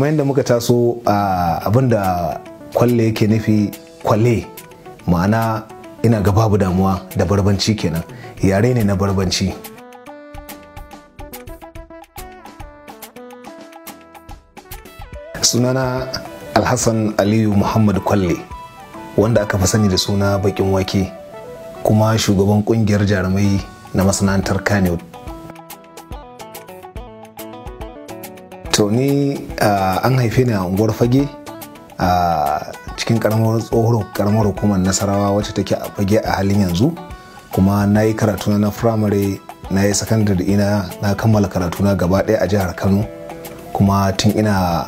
kuma yadda muka taso a abin da kwalle yake nufi kwalle ma'ana ina ga babu damuwa da barbanci kenan yare ne na barbanci sunana alhassan aliyu muhammad kwalle wanda aka fi sani da suna bakin wake kuma shugaban kungiyar jarumai na masana'antar kanewood to ni an haife ni a unguwar fage a cikin karamar tsohon karamar hukumar nasarawa wacce take a fage a halin yanzu kuma na yi karatu na firamare na yi sakandare ina na kammala karatu na gaba ɗaya a jihar kano kuma tun ina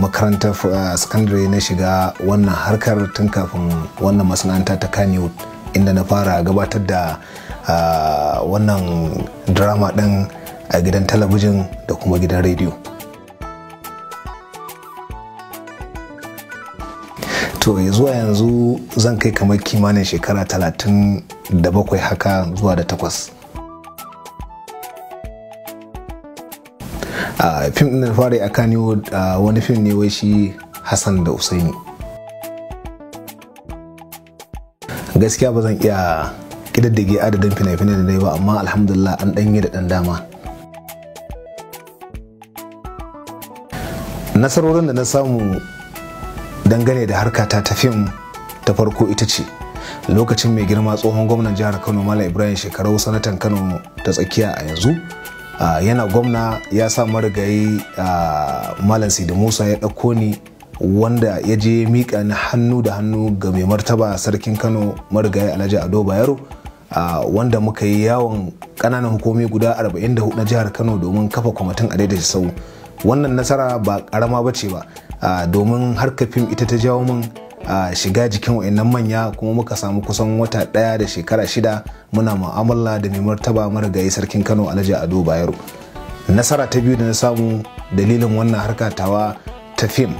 makarantar sakandare na shiga wannan harkar tun kafin wannan masana'anta ta kaniwood inda na fara gabatar da wannan drama ɗin a gidan talabijin da kuma gidan rediyo. to zuwa yanzu zan kai kamar kimanin shekara talatin da bakwai haka zuwa da takwas a fim ɗin da fara a kaniwo wani fim ne wai shi hassan da usaini gaskiya ba zan iya ƙidaddage adadin fina-finai da dai ba amma alhamdulillah an ɗanyi da ɗan dama nasarorin da na samu dangane da harkata ta fim ta farko ita ce lokacin mai girma tsohon gwamnan jihar kano malam ibrahim shekarau sanatan kano ta tsakiya a yanzu yana gwamna ya sa marigayi malam sidi musa ya ɗauko ni wanda ya je miƙa na hannu da hannu ga mai martaba sarkin kano marigayi alhaji ado bayero wanda muka yi yawon ƙananan hukumi guda 44 na jihar kano domin kafa kwamitin a sau wannan nasara ba ƙarama ba ce ba Ah, domin harkar fim ita ta jawo min ah, shiga jikin wa'annan manya kuma muka samu kusan wata ɗaya da shekara shida muna mu'amala da mai martaba marigayi sarkin kano alhaji ado bayero nasara ta biyu da na samu dalilin wannan harka tawa ta fim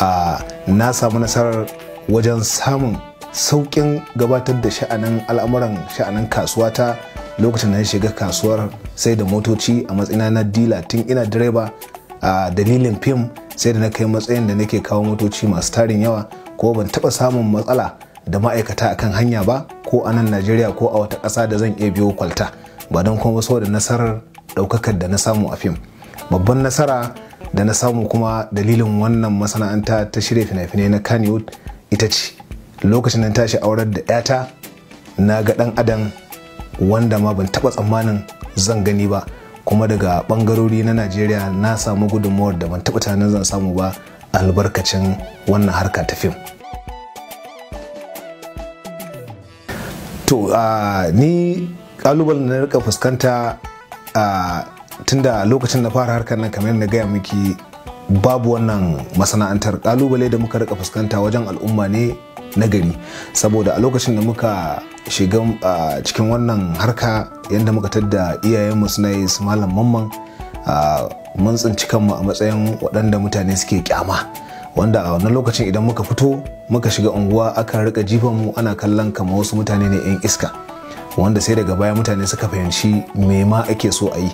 ah, na samu nasarar wajen samun sauƙin gabatar da sha'anin al'amuran sha'anin kasuwata lokacin da na shiga kasuwar sai da motoci a matsayina na dila tun ina direba a dalilin fim sai da na kai matsayin da nake kawo motoci masu tarin yawa ko ban taɓa samun matsala da ma'aikata a kan hanya ba ko a nan najeriya ko a wata ƙasa da zan iya biyo kwalta ba don kuma saboda nasarar ɗaukakar da na samu a fim babban nasara da na samu kuma dalilin wannan masana'anta ta shirya fina-finai na kanewood ita ce lokacin da tashi aurar da 'yata na ga ɗan adam wanda ma ban taɓa tsammanin zan gani ba kuma daga bangarori na najeriya na samu gudunmawar da ban taɓa tunanin zan samu ba albarkacin wannan harka ta fim to ni kalubalen na rika fuskanta tunda lokacin da fara harkar nan kamar na gaya miki babu wannan masana'antar kalubale da muka rika fuskanta wajen al'umma ne na gari saboda a lokacin da muka shiga cikin wannan harka yadda muka tadda iyayenmu suna yi su malam mamman mun tsinci kanmu a matsayin waɗanda mutane suke kyama wanda a wannan lokacin idan muka fito muka shiga unguwa aka rika jifan mu ana kallon kama wasu mutane ne 'yan iska wanda sai daga baya mutane suka fahimci me ma ake so a yi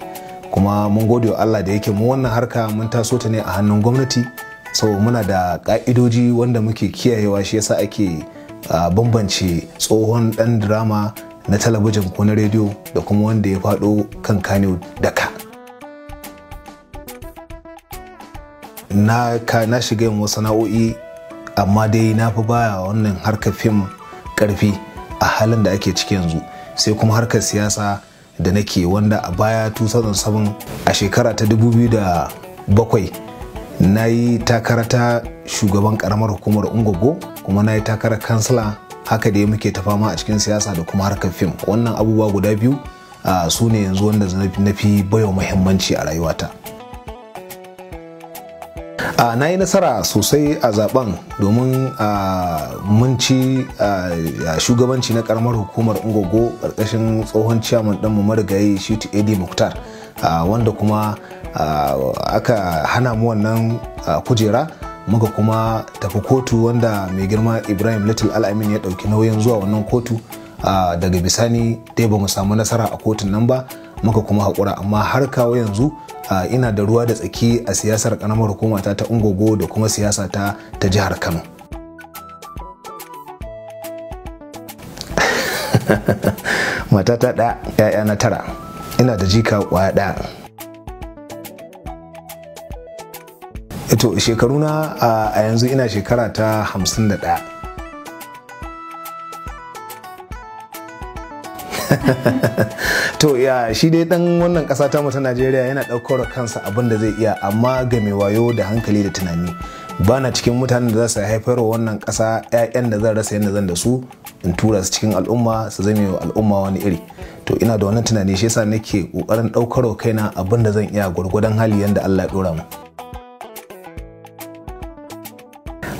kuma mun gode wa Allah da yake mu wannan harka mun taso ta ne a hannun gwamnati so muna da ka'idoji wanda muke kiyayewa shi yasa ake bambance tsohon dan drama na talabijin ko na rediyo da kuma wanda ya faɗo kan kane daka na ka na shiga yin sana'o'i amma dai na fi baya wannan harkar fim karfi a halin da ake ciki yanzu sai kuma harkar siyasa da nake wanda a baya 2007 a shekara ta 2007 na yi takara ta shugaban karamar hukumar ungogo kuma na yi takarar kansila haka da ya muke ta fama a cikin siyasa da kuma harkar fim wannan abubuwa guda biyu su ne yanzu wanda na fi baiwa muhimmanci a rayuwata a na yi nasara sosai a zaben domin mun ci shugabanci na karamar hukumar ungogo karkashin tsohon ciyaman ɗanmu marigayi ta edi muktar wanda kuma aka hana mu wannan kujera muka kuma tafi kotu wanda mai girma ibrahim little al'amin ya dauki nauyin zuwa wannan kotu daga bisani dai ba mu samu nasara a kotun nan ba muka kuma haƙura amma har kawo yanzu ina da ruwa da tsaki a siyasar ƙaramar hukumata ta ta ungogo da kuma siyasa ta ta jihar kano matata ɗaya 'ya'ya na tara ina da jika kwaya shekaru eh shekaruna a yanzu ina shekara ta 51 to ya shi dai dan wannan kasa ta ta najeriya yana ɗaukar kansa abin da zai iya amma ga mai wayo da hankali da tunani ba na cikin mutanen da za su haifar wa wannan ƙasa 'ya'yan da zan rasa yadda zan da su in tura su cikin al'umma su zame wa al'umma wani iri to ina da wannan tunani shi yasa nake kokarin daukar kaina abin da zan iya gwargwadon hali yanda Allah ya dora mu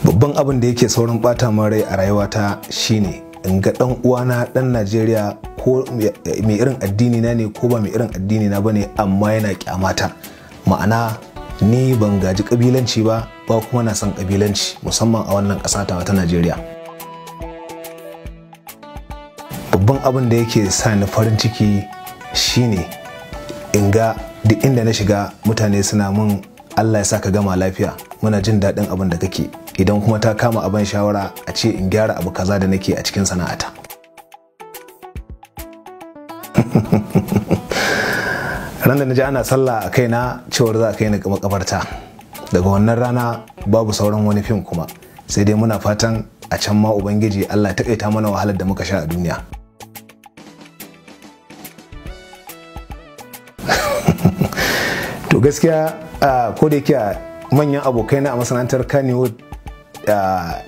babban abin da yake saurin bata min rai a rayuwata shine in ga dan uwana dan Najeriya ko mai irin addini na ne ko ba mai irin addini na bane amma yana kyamata ma'ana ni ban gaji kabilanci ba ba kuma na san kabilanci musamman a wannan ƙasa ta Najeriya babban abin da yake sa ni farin ciki shine in ga duk inda na shiga mutane suna mun Allah ya sa ka gama lafiya muna jin daɗin abin da kake idan kuma ta kama abin shawara a ce in gyara abu kaza da nake a cikin sana'ata ran da na ji ana sallah a kaina cewar za a kai ni makabarta daga wannan rana babu sauran wani fim kuma sai dai muna fatan a can ma ubangiji Allah ta taƙaita mana wahalar da muka sha a duniya to gaskiya ko da yake manyan abokai na a masana'antar kanewood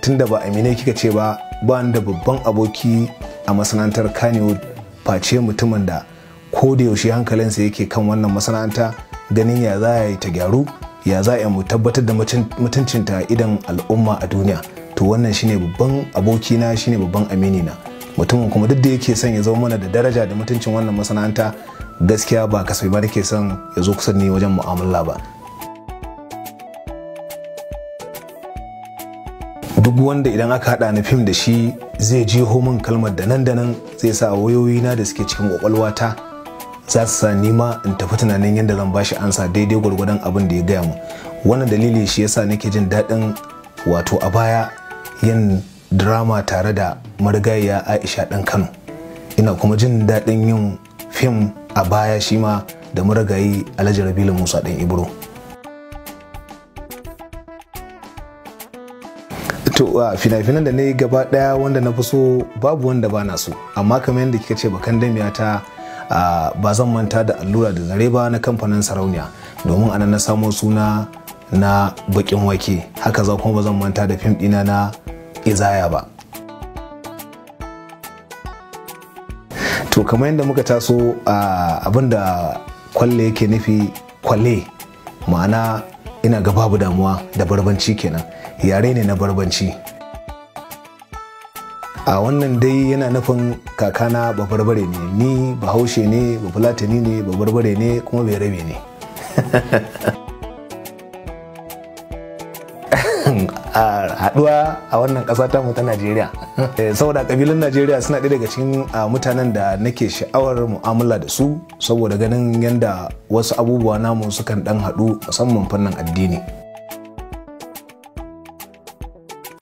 tun da ba amine kika ce ba ba da babban aboki a masana'antar kanewood face mutumin da ko da yaushe hankalinsa yake kan wannan masana'anta ganin ya za yi ta gyaru ya za mu tabbatar da mutuncinta idan al'umma a duniya to wannan shine babban abokina shine babban amini na mutumin kuma duk da yake son ya zama mana da daraja da mutuncin wannan masana'anta gaskiya ba kasafai ba nake son ya zo kusa ni wajen mu'amala ba duk wanda idan aka hada ni fim da shi zai ji min kalmar da nan da nan zai sa wayoyi na da suke cikin kwakwalwata za su sa nima in tafi tunanin yadda zan ba shi ansa daidai gwargwadon abin da ya gaya mu wannan dalili shi yasa nake jin daɗin wato a baya yin drama tare da marigayya aisha ɗan kano ina kuma jin daɗin yin fim a baya shi ma da marigayi alhaji rabilu musa ɗan ibro to fina-finan da na yi gaba ɗaya wanda na fi so babu wanda ba na so amma kamar yadda kika ce bakan damiya ta ba zan manta da allura da zare ba na kamfanin sarauniya domin anan na samo suna na bakin wake haka za kuma ba zan manta da fim ɗina na izaya ba to kamar yadda muka taso a abinda kwalle yake nufi kwalle ma'ana ina ga babu damuwa da barbanci kenan yare ne na barbanci a wannan dai yana nufin kakana ba barbare ne ni bahaushe ne ba fulatani ne ba barbare ne kuma bai rabe ne haduwa a wannan ƙasa ta mu ta Najeriya eh, saboda ƙabilun Najeriya suna ɗaya daga cikin mutanen da nake sha'awar mu'amala da su saboda ganin yadda wasu abubuwa namu sukan ɗan haɗu musamman fannin addini